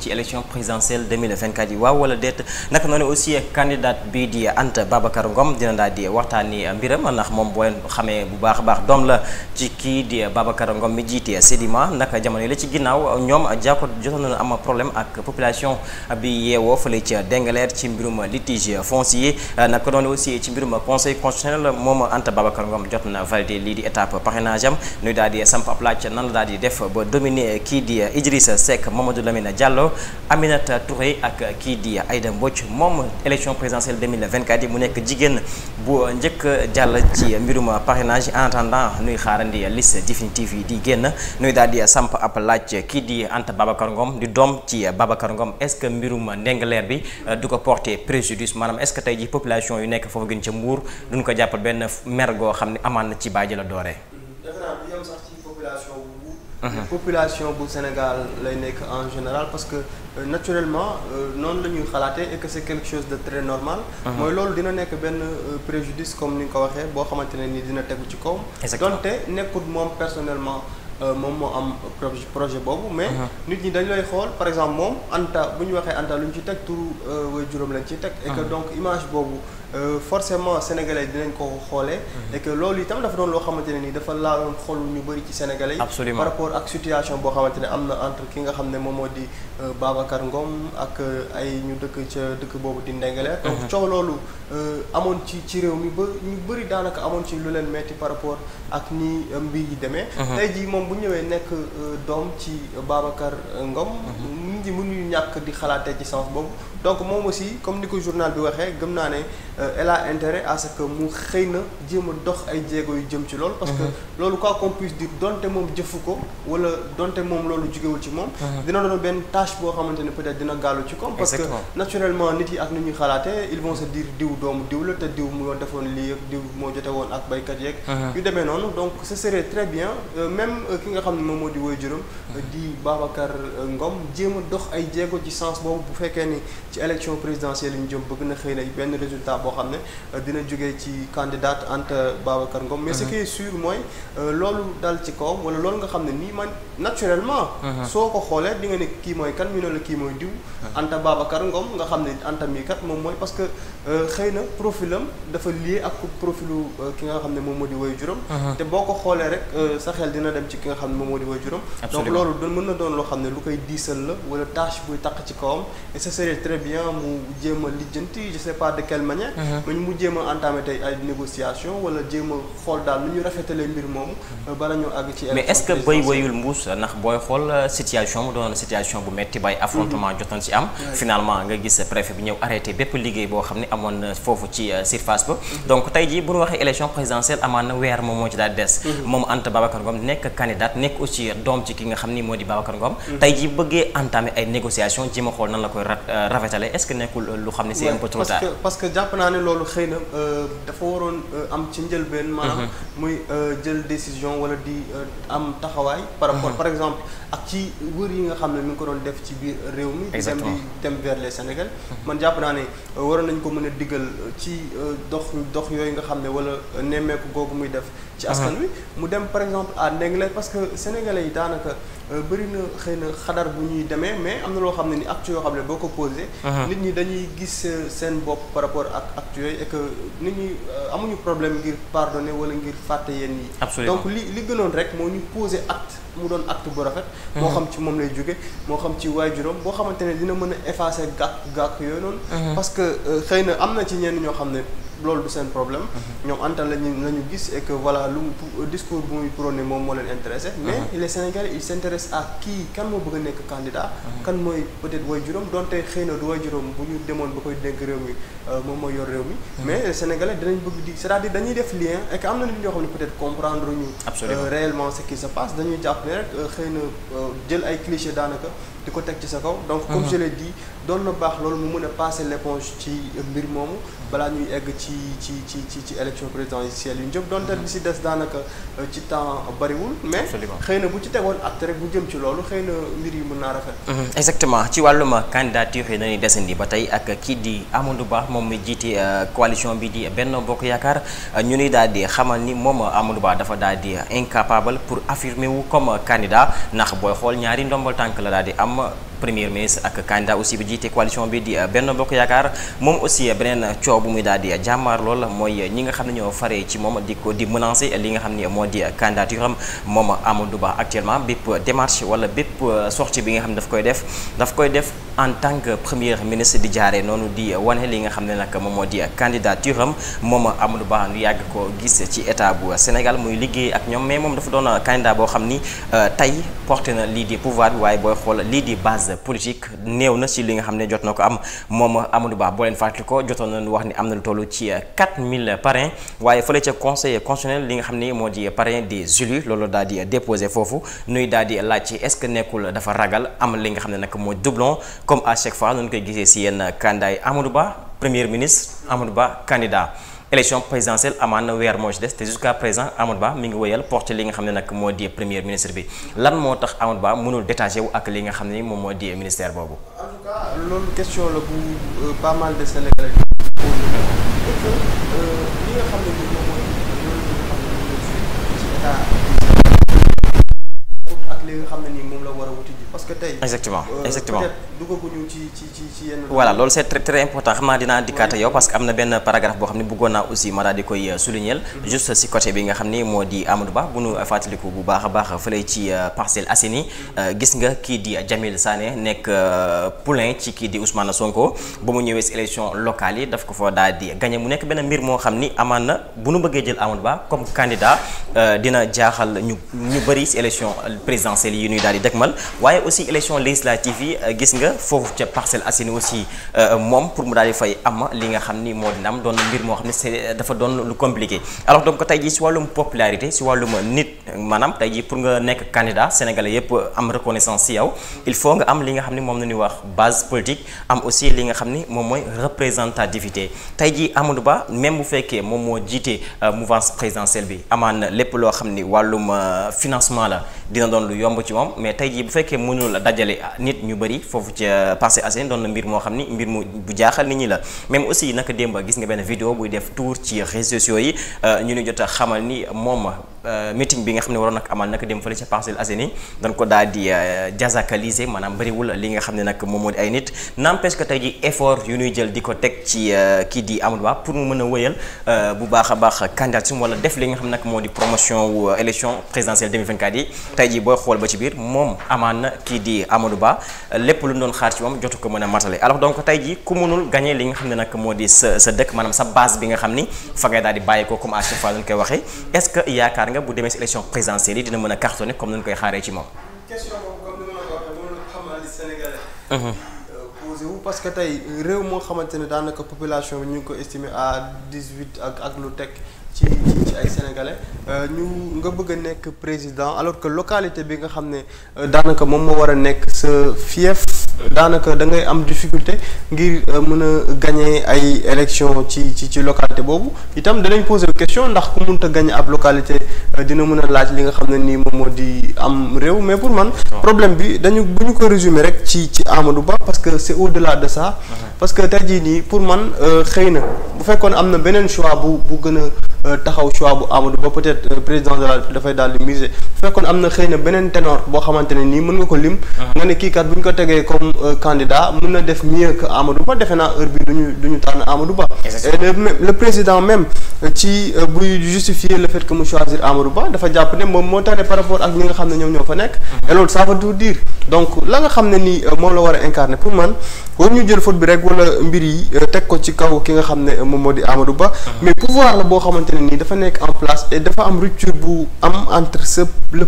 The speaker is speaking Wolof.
ci élection présidentielle 2024 yi waaw wala déet naka noonu aussi candidat bii di Anta Babacar Ngom dina daal di waxtaani mbiram ndax moom boo xamee bu baax a baax doom la ci kii di Babacar Ngom mi jiite Sedima naka jamono yi la ci ginnaaw ñoom jàkko jotoon nañu am problème ak population bi yeewoo fële ca Dengaleer ci mbirum litige foncier naka noonu aussi ci mbirum conseil constitutionnel moom Anta Babacar Ngom jot na validé lii di étape parrainage am nuy daal di samp ab laaj nan la daal di def ba Diallo Aminata Touré ak kii di Aïda Mbodj moom élection présidentielle 2024 yi mu nekk jigéen bu njëkk jàll ci mbirum parrainage en attendant nuy xaarandi liste définitive yi di génn nuy daal di samp ab laaj kii di Anta Babacar Ngom di doom ci Babacar Ngom est-ce que mbirum ndengaleer bi euh, du ko porter préjudice maanaam est-ce que tey ji population yu nekk foofu gën ca Mbuur duñ ko jàppal benn mer goo xam ne amaan na ci baaj la dooree Uh-huh. population bu Sénégal lay nekk en général parce que euh, naturellement euh, noonu la ñuy xalaatee et que c'est quelque chose de très normal uh-huh. mooy loolu dina nekk benn euh, préjudice comme ni nga ko waxee boo xamante ne ni dina tegu ci kaw donte nekkut moom personnellement euh, moom moo am projet boobu mais uh-huh. nit ñi dañu lay xool par exemple moom Anta bu ñu waxee Anta lu ñu ci teg tour way juróom lañ ciy teg e que donc image boobu Euh, forcément sénégalais dinañ ko xoolee. Mhm. et que loolu itam dafa doon loo xamante ne ni dafa laaloon xolu ñu bëri ci sénégalais. absolument par rapport ak situation boo xamante ne am na entre ki nga xam ne moom moo di euh, Babacar Ngom ak euh, ay ñu dëkk ca dëkk boobu di Ndengaleer. Mhm. donc coow loolu amoon ci ci réew mi ba ñu bëri daanaka amoon ci lu leen metti par rapport ak ni mbir yi demee. Mhm. tey jii moom bu ñëwee nekk doom ci Babacar Ngom. nit ñi mënuñu ñàkk di xalaatee ci sens boobu donc moom aussi comme ni ko journal bi waxee gëm naa ne euh, elle a intérêt à ce que mu xëy na jéem a dox ay jéego yu jëm ci loolu. parce que mm-hmm. loolu ko qu'on puisse dire donte moom jëfu ko wala donte moom loolu jugewul ci moom. Mm-hmm. dina doon benn tâche boo xamante ne peut-être dina gàllu ci koom. parce que naturellement nit yi ak ni ñuy xalaatee ils vont se dire diw doomu diw la te diw mu yoon defoon lii ak diw moo jote woon ak baykat yeeg. Mm-hmm. yu demee noonu donc très bien euh, même euh, ki nga xam moom moo di woy juróom di Babacar Ngom jéem a dox ay jéego ci sens boobu bu fekkee ni ci élection présidentielle yi ñu jëm bëgg na xëy na benn résultat boo xam ne euh, dina jógee ci candidate Anta Babacar Ngom. mais ce uh-huh. qui est sûr mooy euh, loolu dal ci kawam wala loolu nga xam ne nii man naturellement. Uh-huh. soo ko xoolee di nga ne kii mooy kan ñu ne la kii mooy diw. Uh-huh. Anta Babacar Ngom nga xam ne Anta mii kat moom mooy parce que euh, xëy na profilam dafa lié ak profilu ki nga xam ne moom moo di woy juróom. te boo ko xoolee rek sa xel dina dem ci nga xam ne moom moo di woy juróom. donc doon loo xam ne lu koy tache buy taq ci kawam et ce serait très bien mu jéem a lijjanti je pas de quelle manière. Mhm. mu jéem a entamé tey ay négociation wala jéem xool daal lu ñu rafetalee mbir moom euh, bala ñu àgg ci mais est-ce que béy wayul mbuus ndax booy xool euh, situation mu doon situation bu metti bay affrontement mhm. jotoon ci am. finalement nga gis préfet bi ñëw arrêté bépp liggéey boo xam ne amoon na foofu ci euh, surface ba. Mhm. donc tey jii bu ñu waxee élection présidentielle amaan na weer moom moo ci daal des. moom Anta Babacar Ngom nekk candidat nekk aussi doom ci ki nga xam ni moo di Babacar ay négociation ci a xool nan la koy euh, rafetale est-ce que nekkul euh, lu xam ne si un peu trop tard parce que jàpp naa ne loolu xëy na euh, dafa waroon am ci njëlbeen maanaam mhm. muy jël décision wala di am taxawaay par rapport mhm. par exemple ak ci wër yi nga xam ne mi ngi ko doon def ci biir réew mi dem di dem vers les Sénégal mhm. man jàpp naa ne waroon nañ ko mën a diggal ci dox dox yooyu nga xam ne wala nemmeeku googu muy def ci askan wi mu dem par exemple à Ndingler parce que sénégalais yi daanaka Euh, bëri na xëy na xadar bu ñuy demee mais am na loo xam ne ni actes yoo xam ne boo ko posé. nit ñi dañuy gis euh, seen bopp par rapport ak actes yooyu et que nit ñi euh, amuñu problème ngir pardonner wala ngir fàtte yenn yi. donc li li gënoon rek moo ñu posé acte mu doon acte bu rafet. moo xam ci moom lay jóge moo xam ci waajuram boo xamante ne dina mën a effacer gàkk gàkk yooyu noonu. parce que xëy na am na ci ñenn ñoo xam ne. loolu du seen problème. Mhm. ñoom antan lañu la ñu gis et que voilà lu mu discours bu muy prôné moom moo leen intéressé. Mhm. mais les Sénégalais ils s'intéressent à kii kan moo bëgg a nekk candidat. Mhm. kan mooy peut-être way juróom donte xëy na du way juróom bu ñu demoon ba koy dénk réew mi euh, moom mooy yor réew mi. mais les Sénégalais dinañ bëgg di c'est-à-dire dañuy def lien et am na nit ñoo xam ne peut-être comprendre ñu. Euh, réellement ce qui se passe dañuy jàpp ne rek euh, xëy na jël ay clichés daanaka. di ko teg ci sa kaw. donc comme mhm. je l'ai dit doon na baax loolu mu mën a passer l'éponge ci mbir moomu. balaa ñuy egg ci ci ci ci ci élection présidentielle yu ñu jëm. donte mhm. li si des daanaka euh, ci temps bariwul. mais xëy na bu ci tegoon at rek bu jëm ci loolu xëy na mbir yi mën naa rafet. Mhm. exactement ci wàllum candidature yi dañuy desandi ba tey ak kii di Amadou Ba moom mi jiite euh, coalition bi di benn Bokk Yaakaar euh, ñu ni daal di xamal ni moom Amadou Ba dafa daal di incapable pour affirmer wu comme candidat ndax booy xool ñaari ndombal tànk la daal di am. ma premier ministre ak candidat aussi bi jiite coalition bi di euh, benn bokk yaakaar moom aussi euh, beneen euh, coow bu muy daal di jàmmaar mooy ñi nga xam ne ñoo faree ci moom di ko di menacer li nga xam ne moo di candidature am moom Amadou Ba actuellement bépp démarche wala bépp sortie bi nga xam ne daf koy def en tant que premier ministre di jaaree noonu di wane li nga xam ne nag moom moo di candidature am moom Amadou Ba nu yàgg ko gis ci état bu Sénégal muy liggéey ak ñoom mais moom dafa doon candidat boo xam ni politique néew na ci li nga xam ne jot na ko am moom Amadou Ba boo leen fàttali ko na nañu wax ni am na lu toll ci 4000 parrains waaye fële ca conseil constitutionnel li nga xam ne moo di parrain des élus loolu daal di déposé foofu nuy daal di laaj est-ce que nekkul dafa ragal am li nga xam ne nag moo doublon comme à chaque fois nu koy gisee ci yenn candidat yi Amadou Ba premier ministre Amadou Ba candidat. élection présidentielle amaan na weer moo ci des te jusqu'à présent Amadou Ba mi ngi wëyal porte li nga xam ne nag moo di premier ministre bi lan moo tax Amadou Ba mënul détaché ak li nga xam ne moom moo di ministère boobu. li nga xam que tey. exactement euh, exactement peut être duggaguñu ci ci ci ci yenn. voilà loolu c' est très important xam naa dinaa dikkaata yow parce que am na benn paragraphe boo xam ne bëggoon naa aussi ma daal di koy euh, souligner. Mhm. juste si côté bi nga xam ni moo di Amadou Ba bu nu fàttaliku bu baax a baax fële ci euh, Parcelles Assainies mhm. gis nga kii di Jamil Sané nekk poulain ci kii di Ousmane Sonko mhm. ba mu ñëwee si élection locale yi daf ko fa daal di gagné mu nekk benn mbir moo xam ni amaan na bu nu bëggee jël Amadou Ba comme candidat dina jaaxal ñu ñu bëri présidentielles yi ñuy daal di dëgmal waaye aussi élection législative yi euh, gis nga foofu ca Parcelles Assainies aussi euh, moom pour mu daal di fay am li nga xam ni moo dina am doon mbir moo xam ne c'est euh, dafa doon lu compliqué alors donc tey jii si wàllum popularité si wàllum nit maanaam tey jii pour nga nekk candidat sénégalais yépp am reconnaissance si yow il faut nga am li nga xam ni moom la ñuy wax base politique am aussi li nga xam ni moom mooy représentativité tey jii Amadou Ba même bu fekkee moom moo jiite mouvance présidentielle bi amaan lépp loo xam ni wàllum financement la yomb ci moom mais tey jii bu fekkee mënul la dajale nit ñu bëri foofu ca passé asèn doon na mbir moo xam ni mbir mu bu jaaxal nit ñi la même aussi naka démba gis nga benn vidéo buy def tour ci réseaux sociaux yi euh, ñu ni jot a xamal ni moom Euh, meeting bi nga xam ne waroon nag amal nag dem fële ca Parcelles Assainies ko daal di jasakalisé euh, maanaam bëriwul li nga xam ne nag moom moo di ay nit n'empêche que tey ji effort yu ñuy jël di ko teg ci euh, kii di Amadou Ba pour mu mën a wëyal bu baax a baax candidature wala def li nga xam ne nag moo di promotion wu élection présidentielle 2024 yi tey ji booy xool ba ci biir moom amaan na kii di Amadou Ba lépp lu ñu doon xaar ci moom jotu ko mën a matale alors tey ji ku mënul gagné li nga xam ne moo di sa sa dëkk maanaam sa base bi nga xam ni fa ngay koy waxee est nga bu demee si élection présidentielle yi dina mën a cartonné comme nañu koy xaaree ci moom. question ko waxee moom la xamal Sénégalais. Mhm. Euh, parce que tey réew moo xamante ne daanaka population bi ñu ngi ko estimé à dix huit ak ak lu teg ci ci ay sénégalais euh, ñu nga bëgg nekk président alors que localité bi nga xam ne euh, daanaka moom moo war a nekk sa fief. daanaka da ngay am difficulté ngir euh, mën a gagner ay élection ci ci ci localité boobu itam danañ poser question ndax ku mënta gañ ab localité euh, dina mun a laaj li nga xam ne nii moom moo di am réew mais pour man problème bi dañu bu ñu ko résumer rek ci ci Amadou Ba parce que c'est de la de ça parce que tey jii nii pour man euh, xëy na bu fekkoon am na beneen choix bu bu gën taxaw choix bu Amadou Ba peut-être président de la dafay daal di miser bu fekkoon am na xëy na beneen ténor boo xamante ne nii mën nga ko lim comme euh, candidat mën na def mieux que Amadou Ba defe naa heure bi duñu duñu tànn Amadou Ba euh, le président même euh, ci buy justifier le fait que mu choisir Amadou Ba dafa jàpp ne moom moo tane par rapport ak ñi nga xam ne ñoom ñoo fa nekk mhm. et loolu ça veut tout donc la nga xam ne ni moom la war a incarner pour man war ñu jël faute bi rek wala mbir yi teg ko ci kaw ki nga xam ne moo di Amadou Ba mhm. mais pouvoir la boo xamante nii dafa nekk en place et dafa am rupture bu am entre